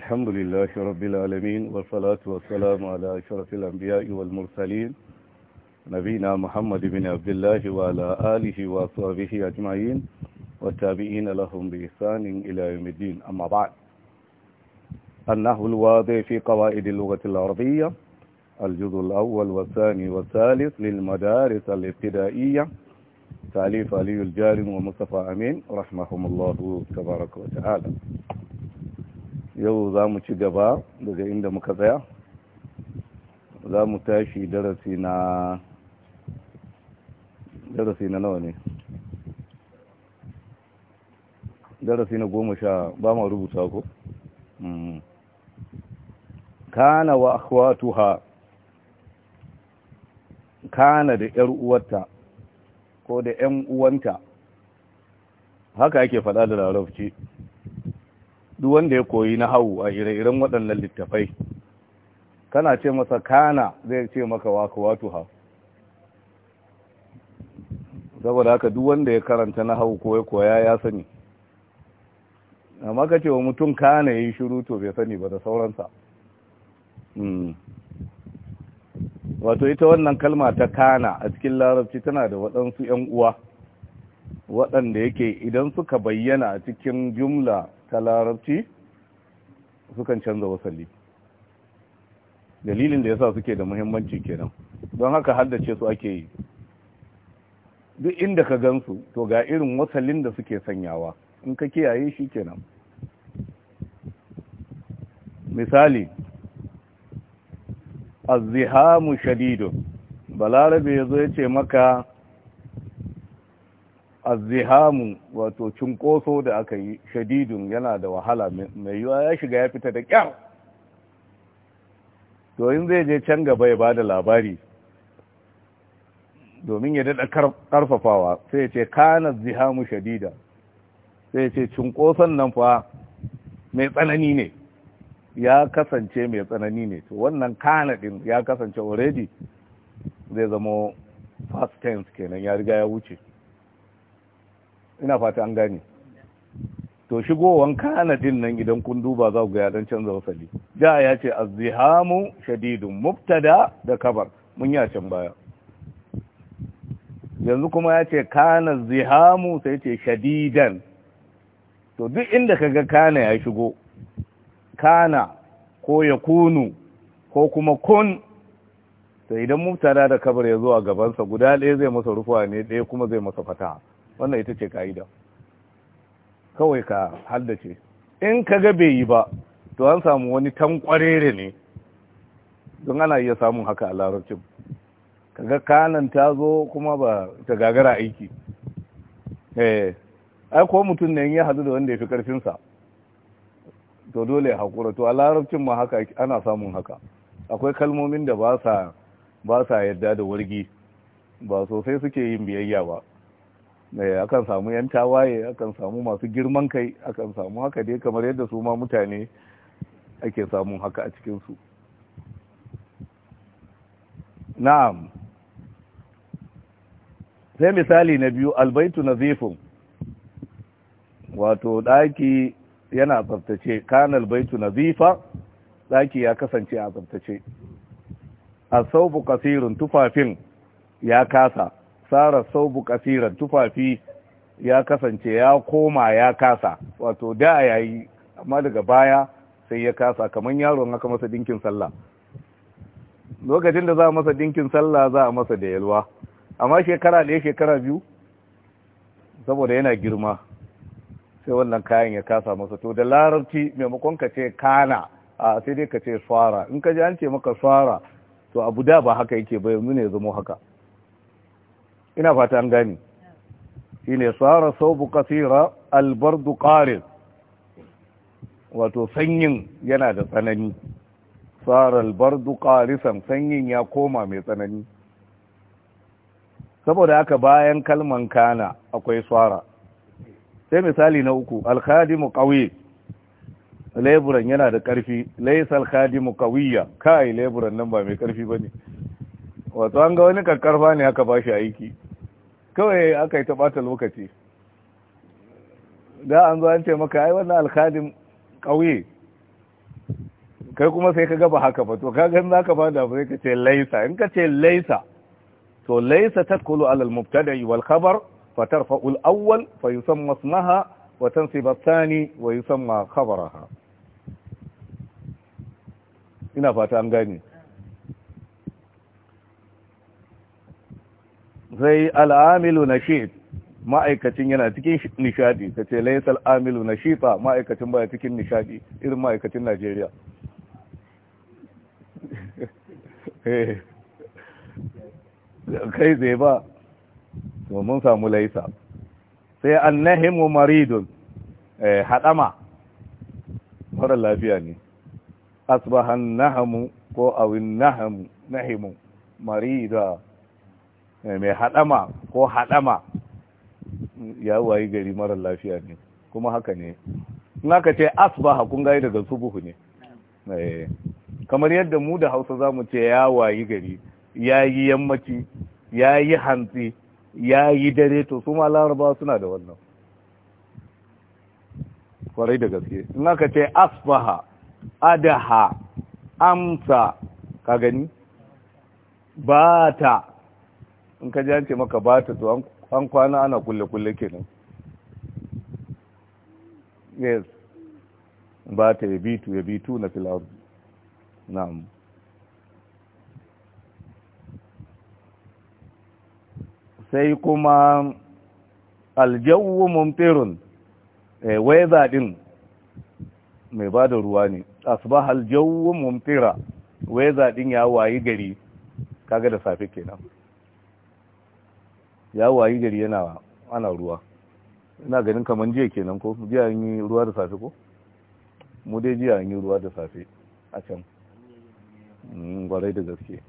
الحمد لله رب العالمين والصلاة والسلام على أشرف الأنبياء والمرسلين نبينا محمد بن عبد الله وعلى آله وصحبه أجمعين والتابعين لهم بإحسان إلى يوم الدين أما بعد النحو الواضح في قواعد اللغة العربية الجزء الأول والثاني والثالث للمدارس الابتدائية تأليف علي الجارم ومصطفى أمين رحمهم الله تبارك وتعالى yau za mu ci gaba daga inda muka tsaya za mu tashi darasi na darasi na nawa ne darasi na goma sha ba ma rubuta ko mm. kana wa ha? kana da yar uwarta ko da yan uwanta haka yake faɗa da larabci duk wanda ya koyi na hau a ire-iren waɗannan littafai kana ce masa kana zai ce maka waka wato ha saboda haka duk wanda ya karanta na hau ko ya koya ya sani amma ka ce wa mutum kana ya yi shiru to bai sani ba da sauransa hmm. wato ita wannan kalma ta kana a cikin larabci tana da waɗansu 'yan uwa waɗanda yake idan suka bayyana a cikin jumla ta larabci sukan canza wasali dalilin da yasa suke da muhimmanci kenan don haka haddace su ake yi duk inda ka gansu to ga irin wasallin da suke sanyawa in ka kiyaye shi kenan misali azzihamu shadidun balarabe yazo zo ya maka azzihamu wato cinkoso da aka yi shadidun yana da wahala mai yiwa ya shiga ya fita da kyau to in zai je can gaba ya da labari domin ya daɗa ƙarfafawa sai ce kana zihamu shadida sai ce cinkoson nan fa mai tsanani ne ya kasance mai tsanani ne to wannan kana ɗin ya kasance already zai zama fast tense kenan ya riga ya wuce ina fata an gane to shigowan kana din nan idan kun duba za ku ga ya dan canza wasali da ya ce azihamu shadidun mubtada da kabar mun ya can baya yanzu kuma ya ce kana zihamu sai ce shadidan to duk inda ga kana ya shigo kana ko ya kunu ko kuma kun to idan mubtada da kabar ya zo a gabansa guda ɗaya zai masa rufuwa ne ɗaya kuma zai masa fataha wannan ita ce ka'ida kawai ka haddace in ka ga bai yi ba to an samu wani tankwarere ne don ana iya samun haka a larabcin kaga kanan ta zo kuma ba ta gagara aiki eh ai ko mutum ne ya hadu da wanda ya fi karfinsa to dole ya haƙura to a larabcin ma haka ana samun haka akwai kalmomin da ba sa yadda da wargi ba sosai suke yin biyayya ba Eh, akan samu yan tawaye akan samu masu girman kai akan samu haka dai kamar yadda su ma mutane ake samun haka a cikinsu na'am sai misali na biyu albaitu Nazifu wato daki yana tsaftace kan albaitu nazifa ɗaki ya kasance a tsaftace asaubu kasirun tufafin ya kasa sara saubu kasiran tufafi ya kasance ya koma ya kasa wato da yayi amma daga baya sai ya kasa kamar yaron aka masa dinkin sallah lokacin da za a masa dinkin sallah za a masa da yalwa amma shekara ɗaya shekara biyu saboda yana girma sai wannan kayan ya kasa masa to da larabci maimakon ka ce kana a sai dai ka ce fara in ka ji an ce maka fara to abu da ba haka yake bai ne zama haka ina fata an gani shine sara saubu kasira albardu wato sanyin yana da tsanani sara albardu qarisan sanyin ya koma mai tsanani saboda haka bayan kalman kana akwai sara sai misali na uku alkhadimu qawi leburan yana da ƙarfi, laysa alkhadimu qawiyya kai leburan nan ba mai karfi bane wato an ga wani kakkarfa ne aka shi aiki kawai aka yi ta ɓata lokaci da an zo an ce maka ai wannan alkalin ƙauye kai kuma sai ka gaba haka ba to ka gan za ka ba da abu ka ce laisa in ka ce laisa to laisa kulu alal mubtada wal khabar fa tarfa'u al awwal fa yusamma ismaha wa al thani wa yusamma khabaraha ina fata an gani. sai al'amilu na shi ma'aikacin yana cikin nishadi ka ce laisa al'amilu na shifa ma'aikacin baya cikin nishadi irin ma'aikacin najeriya eh. kai zai ba domin samu laisa sai an nahimu maridun eh, haɗama mara lafiya ne asbahan nahamu ko awin nahamu nahimu marida Eh, mai haɗama ko haɗama ya wayi gari marar lafiya ne kuma haka ne in ce asbaha kun gaya daga subuhu ne eh, kamar yadda mu da hausa za mu ce ya wayi gari ya yi yammaci ya yi hantsi ya yi dare to su ma laraba suna da wannan kwarai da gaske in ce asbaha adaha amsa ka gani ba ta in ka ja ce maka ba ta to an kwana ana kulle-kulle kenan yes ba ta ya bitu ya bitu na filar na'am sai kuma aljawu mumtirun eh, weather din mai ba da ruwa ne asbah aljawu mumtira weather din ya wayi gari kaga da safe kenan ya wayi gari yana ana ruwa ina ganin kamar jiya kenan ko jiya yi ruwa da safe ko mu dai jiya yi ruwa da safe a can mm, gwarai da gaske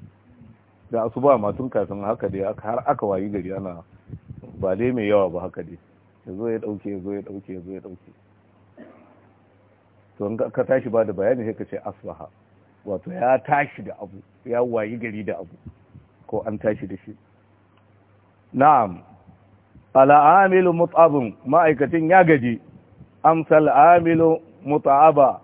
da asuba ma tun kafin haka dai har aka wayi gari ana ba dai mai yawa ba haka dai ya zo ya dauke ya zo ya dauke ya zo ya dauke to ka tashi ba da bayani sai ka ce asbaha wato ya tashi da abu ya wayi gari da abu ko an tashi da shi na'am al'amilu mut'abun ma'aikacin ya gaji amsal amilu mut'aba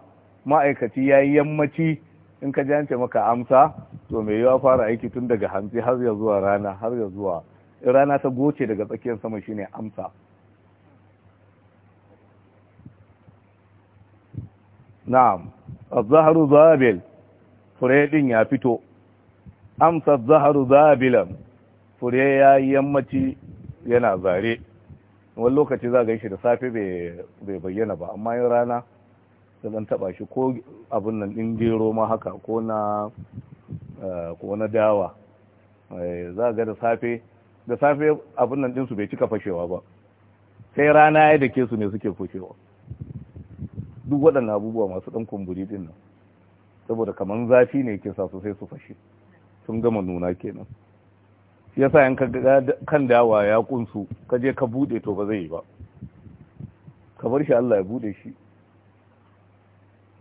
ma'aikaci yi yammaci in ka jance maka amsa to me yawa fara aiki tun daga hantsi har ya zuwa rana har ya zuwa rana ta goce daga tsakiyar sama shine amsa na'am az zabil fure ya fito amsa zaharu zahru zabilan fure ya yi yammaci yana zare wani lokaci za ga shi da safe bai bayyana ba amma yin rana da zan taba shi ko abin nan ɗin gero ma haka ko na eh, dawa eh, za ga da safe da safe abin nan ɗinsu bai cika fashewa ba sai rana ya dake su ne suke fashewa duk waɗannan abubuwa masu ɗan kumburi din nan saboda kamar zafi ne ke sa su sai su fashe sun gama nuna kenan ya sa yanka kan dawa ya kunsu kaje ka bude to ba zai yi ba ka bar shi Allah ya bude shi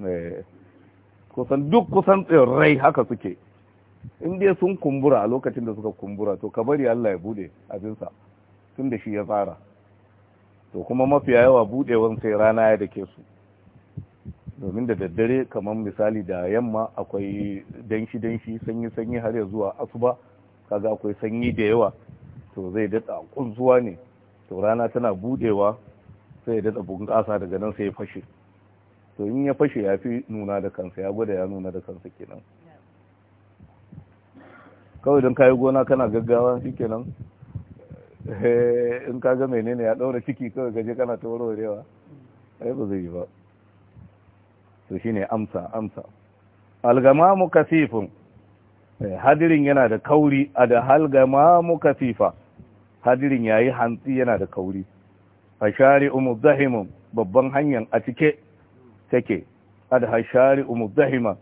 eh, kusan duk kusan tsirrai haka suke in dai sun kumbura a lokacin da suka kumbura to ka bari Allah ya bude abinsa tun da shi ya tsara to kuma mafiya yawa budewan sai rana ya dake su domin da daddare kamar misali da yamma akwai danshi-danshi sanyi-sanyi har ya zuwa asuba kaga akwai sanyi da yawa to zai daɗa kunzuwa ne to rana tana budewa sai ya daɗa bunƙasa daga nan sai ya fashe to in ya fashe ya fi nuna da kansa ya gwada ya nuna da kansa kenan kawai don kayi gona kana gaggawa shi kenan eh, in ka ga menene ya ɗaura ciki kawai gaje kana ta warwarewa ai ba zai yi ba to shine amsa amsa algamamu kasifin Eh, hadirin yana da kauri a da halgama muka fifa hadirin yayi hantsi yana da kauri a shari zahimun babban hanyar a cike take a da umu zahima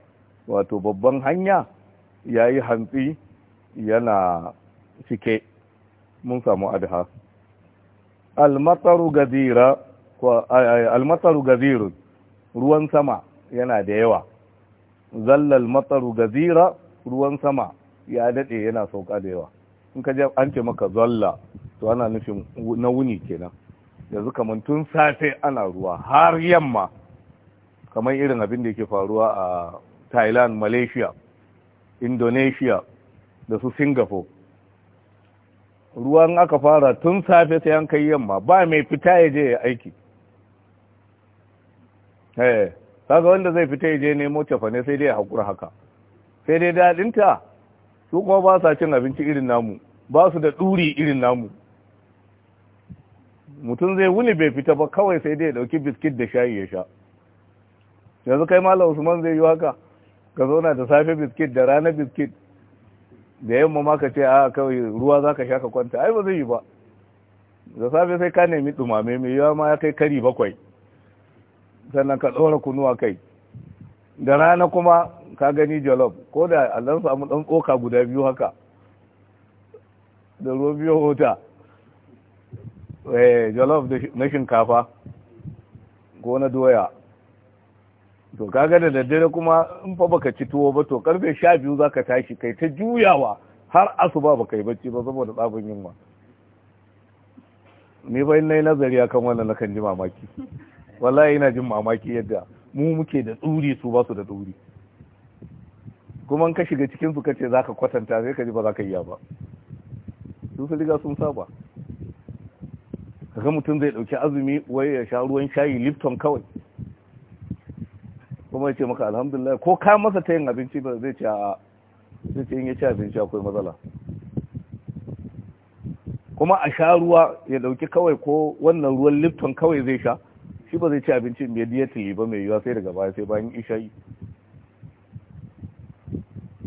wato babban hanya yayi hantsi yana cike mun samu adha almataru almataru gazirun ruwan sama yana da yawa zallal mataru gazira ruwan sama ya daɗe yana sauka da yawa in ka je an ce maka zalla to ana nufin na wuni kenan yanzu kamar tun safe ana ruwa har yamma kamar irin abin da yake faruwa a thailand malaysia indonesia da su singapore ruwan aka fara tun safe sai an kai yamma ba mai fita ya je ya aiki eh, kaga wanda zai fita ya je nemo tafane sai dai ya haƙura haka sai dai daɗinta su kuma ba sa cin abinci irin namu ba su da ɗuri irin namu mutum zai wuni bai fita ba kawai sai dai ya ɗauki biskit da shayi ya sha yanzu kai malam usman zai yi haka ka zauna da safe biskit da rana biskit da yamma ma ka ce a kawai ruwa za ka sha ka kwanta ai ba zai yi ba da safe sai ka nemi dumame mai yawa ma ya kai kari bakwai sannan ka ɗora kunuwa kai da rana kuma ka gani jalof ko da allon samu dan tsoka guda biyu haka da ruwan biyu hota eh, jalof na shinkafa ko na doya to kaga da daddare kuma in fa baka ci tuwo ba to karfe sha biyu za ka tashi kai ta juyawa har asuba baka yi bacci ba saboda tsabin yunwa ni bai na yi nazari kan wannan na kan ji mamaki wallahi ina jin mamaki yadda mu muke da tsuri su ba su da tsuri kuma ka shiga cikin su kace zaka kwatanta sai ka ji ba zaka iya ba su su riga sun saba kaga mutum zai dauki azumi wai ya sha ruwan shayi Lipton kawai kuma ya ce maka alhamdulillah ko ka masa ta yin abinci ba zai ce a zai ce in ya ci abinci akwai matsala kuma a sha ruwa ya dauki kawai ko wannan ruwan Lipton kawai zai sha shi ba zai ci abinci diyatili ba mai yiwa sai daga baya sai bayan isha'i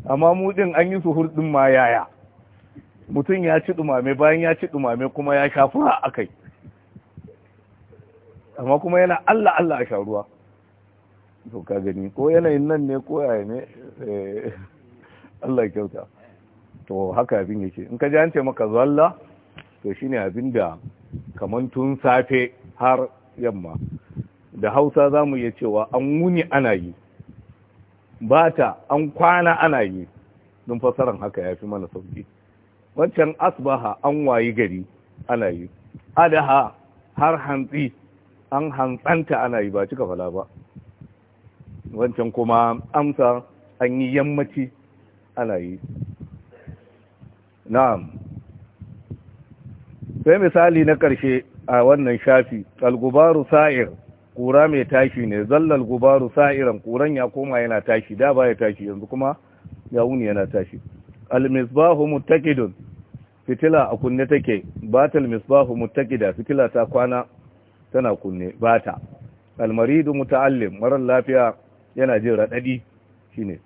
amma mu din an yi suhur din ma yaya mutum ya ci dumame bayan ya ci dumame kuma ya sha fura akai amma kuma yana Allah Allah a sha ruwa to ka gani ko yanayin nan ne ko yaya ne eh, Allah kyauta to haka abin yake in ka ji an ce maka zalla to shine abin da kaman tun safe har yamma da Hausa zamu iya cewa an wuni ana yi ba ta an kwana ana yi don fasaran haka ya fi mana sauki wancan asbaha an wayi gari ana yi adaha har hantsi an hantsanta ana yi ba cika fala ba wancan kuma amsa an yi yammaci ana yi na'am sai misali na ƙarshe a wannan shafi algubaru sa'ir ƙura mai tashi ne zallal gubaru sa'iran ƙuran ya koma yana tashi da ba ya tashi yanzu kuma ya wuni yana tashi almisbahu muttaqidun fitila a kunne take batal misbahu muttaqida fitila ta kwana tana kunne bata almaridu muta'allim marar lafiya yana jin radadi shine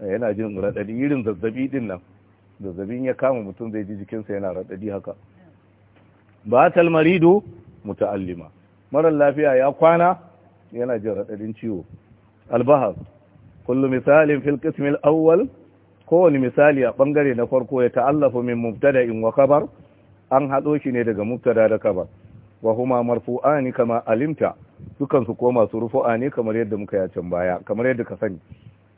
yana jin radadi irin zazzabi din nan zazzabin ya kama mutum zai ji jikinsa yana radadi haka batal maridu muta'allima marar lafiya ya kwana yana jin raɗaɗin ciwo albahar kullu misalin fil qismil awwal kowane misali a bangare na farko ya ta'allafu min muftada wa kabar an haɗo shi ne daga mubtada da kabar wa huma kama alimta dukan su koma su rufu'a ne kamar yadda muka ya can baya kamar yadda ka sani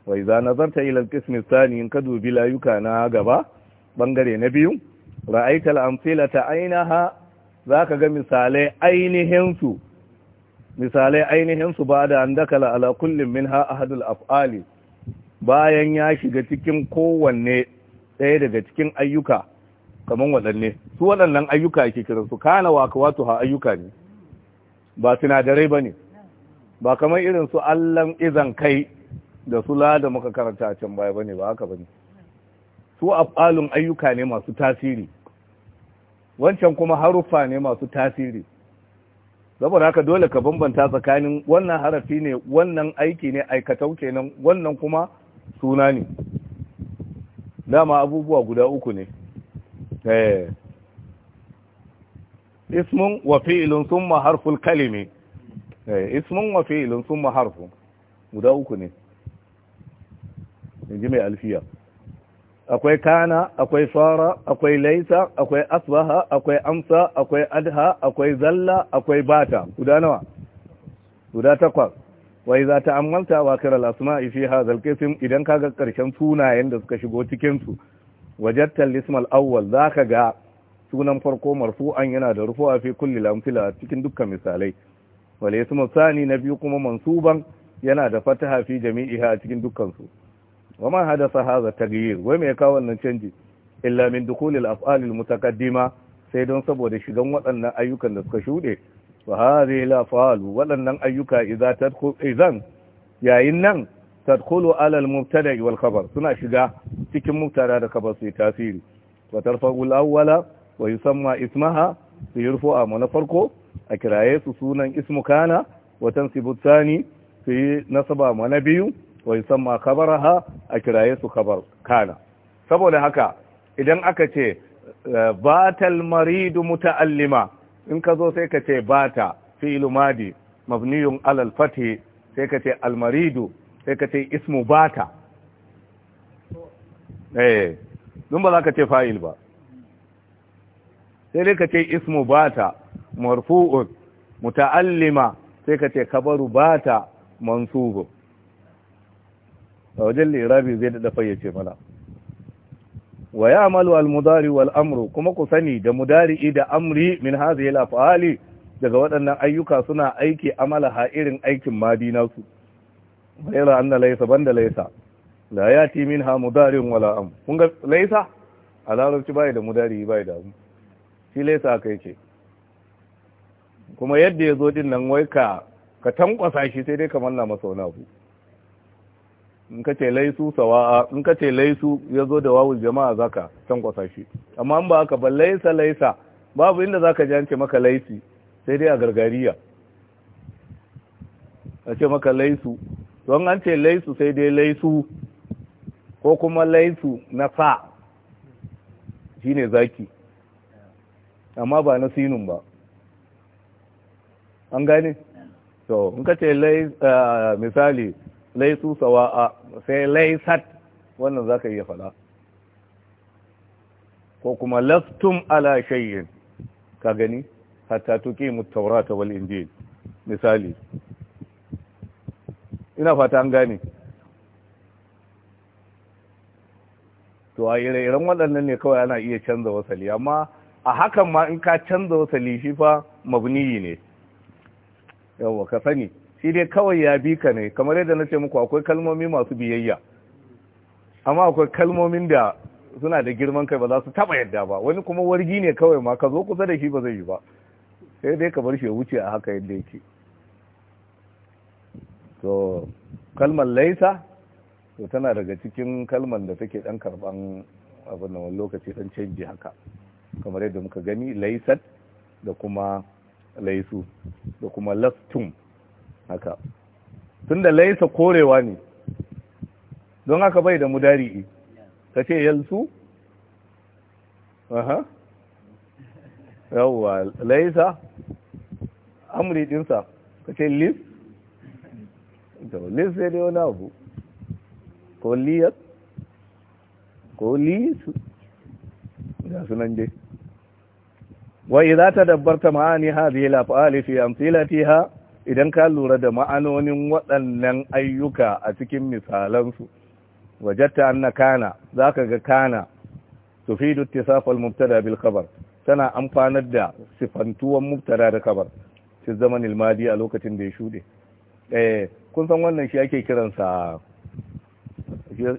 wa idza nazarta ila al-qismi ath-thani in dubi layuka na gaba bangare na biyu ra'aita al-amthilata ainaha za ka ga misalai ainihinsu misalai ainihinsu ba da an dakala ala kullum min ha hadul af'ali bayan ya shiga cikin kowanne ɗaya daga cikin ayyuka kamar waɗanne su waɗannan ayyuka kiran kiransu kana waka wato ha ayyuka ne ba sinadarai ba ne ba kamar irin su allan izan kai da su lada muka karanta can baya ba ne ba haka ba ne su af'alun ayyuka ne masu tasiri wancan kuma haruffa ne masu tasiri saboda haka dole ka bambanta tsakanin wannan harafi ne wannan aiki ne aikatau kenan wannan kuma suna ne dama abubuwa guda uku ne eh ismun wa fi'lun thumma harful kalimi eh ismun wa fi'lun thumma harfun guda uku ne inji mai alfiya akwai kana akwai fara akwai laisa akwai asbaha akwai amsa akwai adha akwai zalla akwai bata guda nawa guda takwas wa iza ta'ammalta kira al-asma'i fi hadha al-qism idan kaga karshen sunayen da suka shigo cikin su wajadta al-ism al-awwal zaka ga sunan farko marfu'an yana da rufu'a fi kulli lamthila cikin dukkan misalai wal ism al-thani nabi kuma mansuban yana da fataha fi jami'iha cikin dukkan su wa ma hadasa hadha taghyir wai me ya kawo wannan canji illa min dukhulil af'alil mutaqaddima sai don saboda shigan wadannan ayyukan da suka shuɗe wa hadhihi la fa'alu ayyuka idza tadkhul yayin nan tadkhulu ala al mubtada'i wal khabar suna shiga cikin mubtada da khabar suyi tasiri wa tarfa'u al awwala wa yusamma ismaha su yurfu'a mu na farko a kiraye su sunan ismu kana wa tansibu thani nasaba mana na biyu wa yusamma khabaraha a kiraye su khabar kana saboda haka idan aka ce eh, batal maridu muta'allima in ka zo sai ka ce bata fi'lu madi mabniyun alal fathi sai ka ce al maridu sai ka ce ismu bata eh dun ba za ka ce fa'il ba sai dai ka ce ismu bata marfu'un muta'allima sai ka ce kabaru bata mansubun a wajen lirabi zai da fayyace mana wa amalu al-mudari wal amru kuma ku sani da mudari da amri min hadhihi yi afali daga waɗannan ayyuka suna aiki amala ha irin aikin madi nasu ghayra anna laysa banda laysa la yati minha mudarin wala am kun ga laysa a bai da mudari bai da shi laysa kai ce kuma yadda ya zo din nan wai ka ka tankwasa shi sai dai ka manna masa wani abu in ka ce laisu sawa'a in ka ce laisu ya zo da wawul jama'a zaka can kwasa shi amma in ba haka ba laisa laisa babu inda zaka ji an ce maka laisi sai dai a gargariya a ce maka laisu don an ce laisu sai dai laisu ko kuma laisu na sa shine zaki amma ba na sinun ba an gane to in ka ce eh, misali laisu sawa'a sai laisat wannan zaka iya fada ko kuma lastum ala shay'in ka gani hatta tuqimu tawrata wal injil misali ina fata an gane to a ire-iren waɗannan ne kawai ana iya canza wasali amma a hakan ma in ka canza wasali shi fa mabniyi ne yawwa ka sani shi dai kawai ya bi ka ne kamar yadda na ce muku akwai kalmomi masu biyayya amma akwai kalmomin da suna da girman kai ba za su taba yadda ba wani kuma wargi ne kawai ma ka zo kusa da shi ba zai yi ba sai dai ka bar shi ya wuce a haka yadda yake to kalmar laisa to tana daga cikin kalmar da take dan karban abin da wani lokaci dan canji haka kamar yadda muka gani laisat da kuma laisu da kuma lastum haka tun da laisa korewa ne don haka bai da mudari ka ce yalsu aha yawwa laisa amri dinsa ka ce lis lis zai dai wani abu ko liyar ko lisu ga sunan dai wa idza tadabbarta ma'ani hadhihi al-af'ali fi amthilatiha idan ka lura da ma'anonin waɗannan ayyuka a cikin misalansu wajatta anna kana zaka ga kana tufidu ittisaf safar mubtada bil khabar tana amfanar da sifantuwan mubtada da khabar su zaman a lokacin da ya shuɗe. eh kun san wannan shi ake kiransa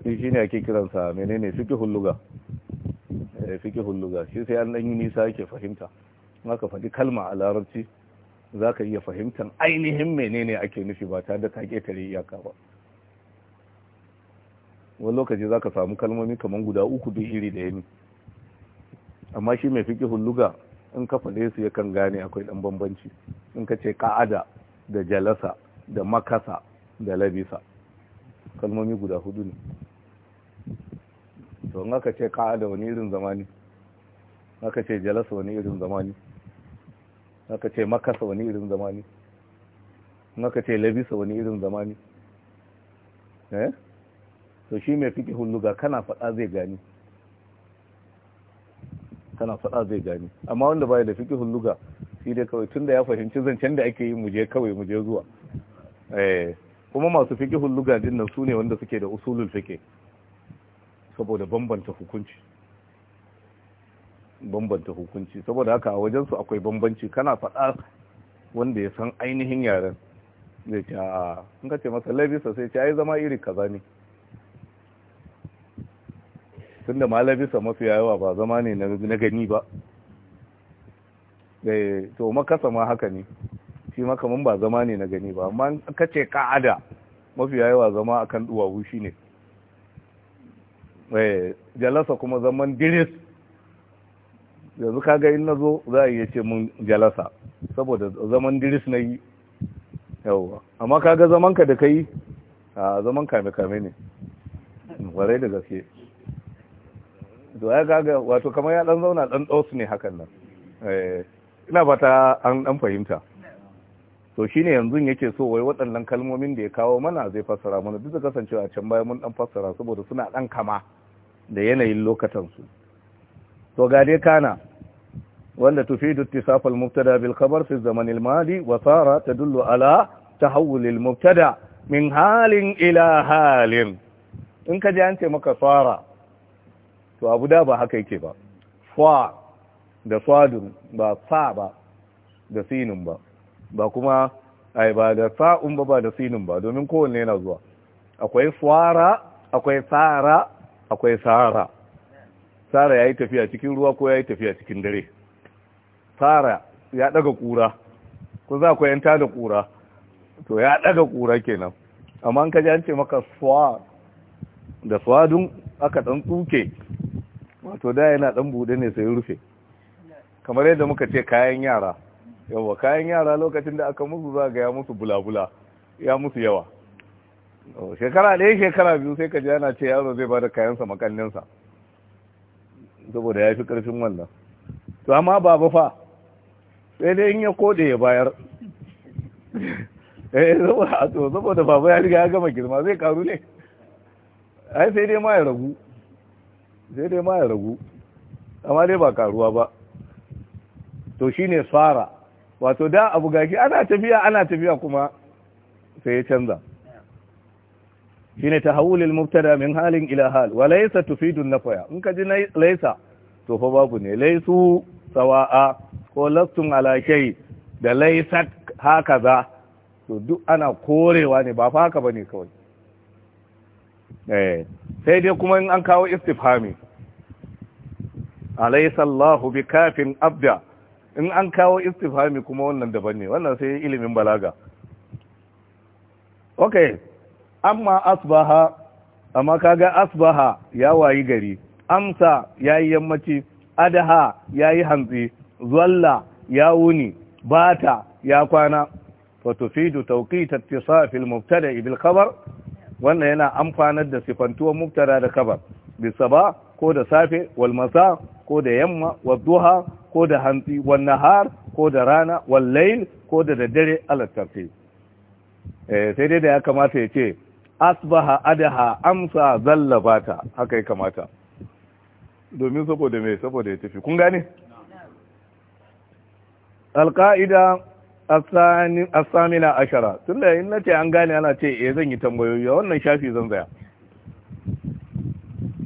shi ne ake kiransa menene fiqhul lugha eh, shi sai an dan yi nisa yake fahimta maka faɗi kalma a larabci za ka iya fahimtar ainihin menene ake nufi ba tare da ka ƙetare iyaka ba wani lokaci za ka samu kalmomi kamar guda uku duk iri da yami amma shi mai fiƙi hulluga in ka faɗe su yakan gane akwai ɗan bambanci in ka ce ka'ada da jalasa da makasa da labisa kalmomi guda hudu ne to in aka ce ka'ada wani irin zamani aka ce jalasa wani irin zamani aka ce makasa wani irin zamani aka ce labisa wani irin zamani eh to shi mai fiki hulluga kana faɗa zai gani kana faɗa zai gani amma wanda bai da fiki hulluga shi dai kawai tunda ya fahimci zancen da ake yi muje kawai muje zuwa eh kuma masu fiki hulluga din su ne wanda suke da usulul fiki saboda bambanta hukunci bambanta hukunci saboda haka a wajensu akwai bambanci kana faɗa wanda ya san ainihin yaren zai ce a in ce masa labisa sai ce ai zama iri kaza ne tunda ma labisa mafi yawa ba zama ne na gani ba eh, to makasa ma haka ne shi makamin ba zama ne na gani ba amma ka ce ka'ada mafi yawa zama akan duwawu shine eh jalasa kuma zaman diris yanzu kaga in nazo za a iya ce mun jalasa saboda zaman diris na yi yawwa amma kaga zaman ka da kai a zaman kame kame ne warai da gaske to ya kaga wato kamar ya dan zauna dan dos ne hakan nan eh, ina fata an dan fahimta to shine yanzu yake so wai waɗannan kalmomin da ya kawo mana zai fassara mana duk da kasancewa can baya mun dan fassara saboda suna dan kama da yanayin lokacin su to kana wanda tufidu ittisaf al-mubtada bil khabar fi zaman al-madi wa sara tadullu ala tahawul al-mubtada min halin ila halin in ka ji an ce maka sara to abu da ba haka yake ba fa da sadun ba fa ba da sinin ba ba kuma ai ba da fa'un ba ba da sinin ba domin kowanne yana zuwa akwai fara akwai Sara, akwai Sara. sara ya yi tafiya cikin ruwa ko ya yi tafiya cikin dare sara ya daga kura ko za ku yanta da kura to ya daga kura kenan amma an kaji an ce maka swa da swadun aka dan tsuke wato da yana ɗan buɗe ne sai rufe kamar yadda muka ce kayan yara yawa kayan yara lokacin da aka musu za ga ya musu bulabula ya musu yawa shekara ɗaya shekara biyu sai ka ji ana ce yaro zai bada kayansa makallinsa saboda ya fi ƙarfin wannan to amma babu fa sai dai in ya kode ya bayar eh saboda babu ya riga ya gama girma zai karu ne ai sai dai ma ya ragu sai dai ma ya ragu amma dai ba karuwa ba to shine fara wato da abu gashi ana tafiya ana tafiya kuma sai ya canza shine tahawulil mubtada min halin ila hal wa laysa tufidu nafaya in ka ji laysa to fa babu ne laysu sawa'a ko lastum ala shay da laysat hakaza to duk ana korewa ne ba fa haka bane kawai eh sai dai kuma in an kawo istifhami alaysa Allahu bikafin abda in an kawo istifhami kuma wannan daban ne wannan sai ilimin balaga okay amma asbaha amma kaga asbaha ya wayi gari amsa yayi yammaci adaha yayi hantsi zalla ya wuni bata ya kwana fa tufidu tawqit ittisaf almubtada' bil khabar wannan yana amfanar da sifantuwar mubtada da khabar bisaba ko da safe wal masa ko da yamma wal duha ko da hantsi wal nahar ko da rana wal layl ko da daddare al eh sai dai da ya kamata ya ce asbaha adaha amsa zallabata haka ya kamata domin saboda mai saboda ya tafi kun gane Alka'ida a samina ashara tun da yin nace an gane ana ce e zan yi tambayoyi wannan shafi zan zaya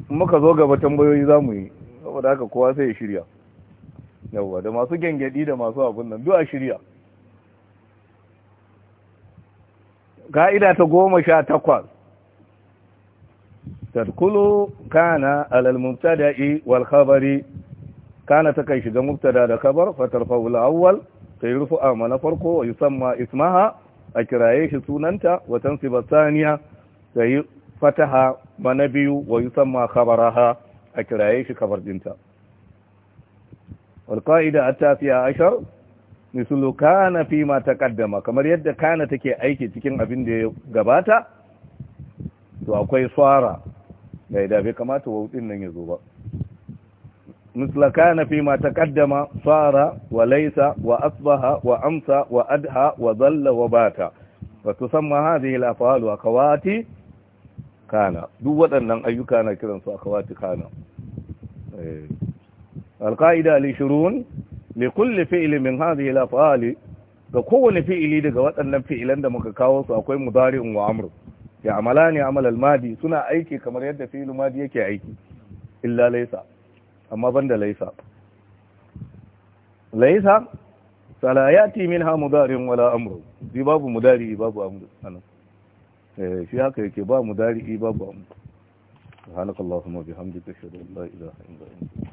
muka zo gaba tambayoyi za mu yi saboda haka kowa sai ya shirya yawwa da masu gengedi da masu abin nan duk a shirya ka'ida ta goma sha takwas tadkulu kana alal mubtada'i wal khabari kana ta kai shiga mubtada da kabar, fa tarfa'u al-awwal sai rufu'a mana farko wa yusamma ismaha a kiraye shi sunanta watan tansiba thaniya sai fataha mana biyu wa yusamma khabaraha a kiraye shi kabar dinta wal a at ashar misulu kana fi ma taqaddama kamar yadda kana take aiki cikin abin da ya gabata to akwai fara da idan bai kamata wautin nan ya zo ba misla kana fi ma taqaddama fara wa laysa wa asbaha wa amsa wa adha wa dhalla wa bata wa tusamma hadhihi al-af'al wa qawati kana duk waɗannan ayyuka na kiransu akwati kana eh. al-qaida li shurun li kulli fi'lin min hadhihi al-af'ali ga kowane fi'ili daga waɗannan fi'ilan da muka kawo su akwai mudari'un wa amru ya amala ne amal al-madi suna aiki kamar yadda fi'il madi yake aiki illa laysa amma banda laysa laysa sala yati minha mudari'un wala amru bi babu mudari'i babu amru anan eh shi haka yake ba mudari'i babu amru wa bihamdihi ashhadu an la ilaha illa anta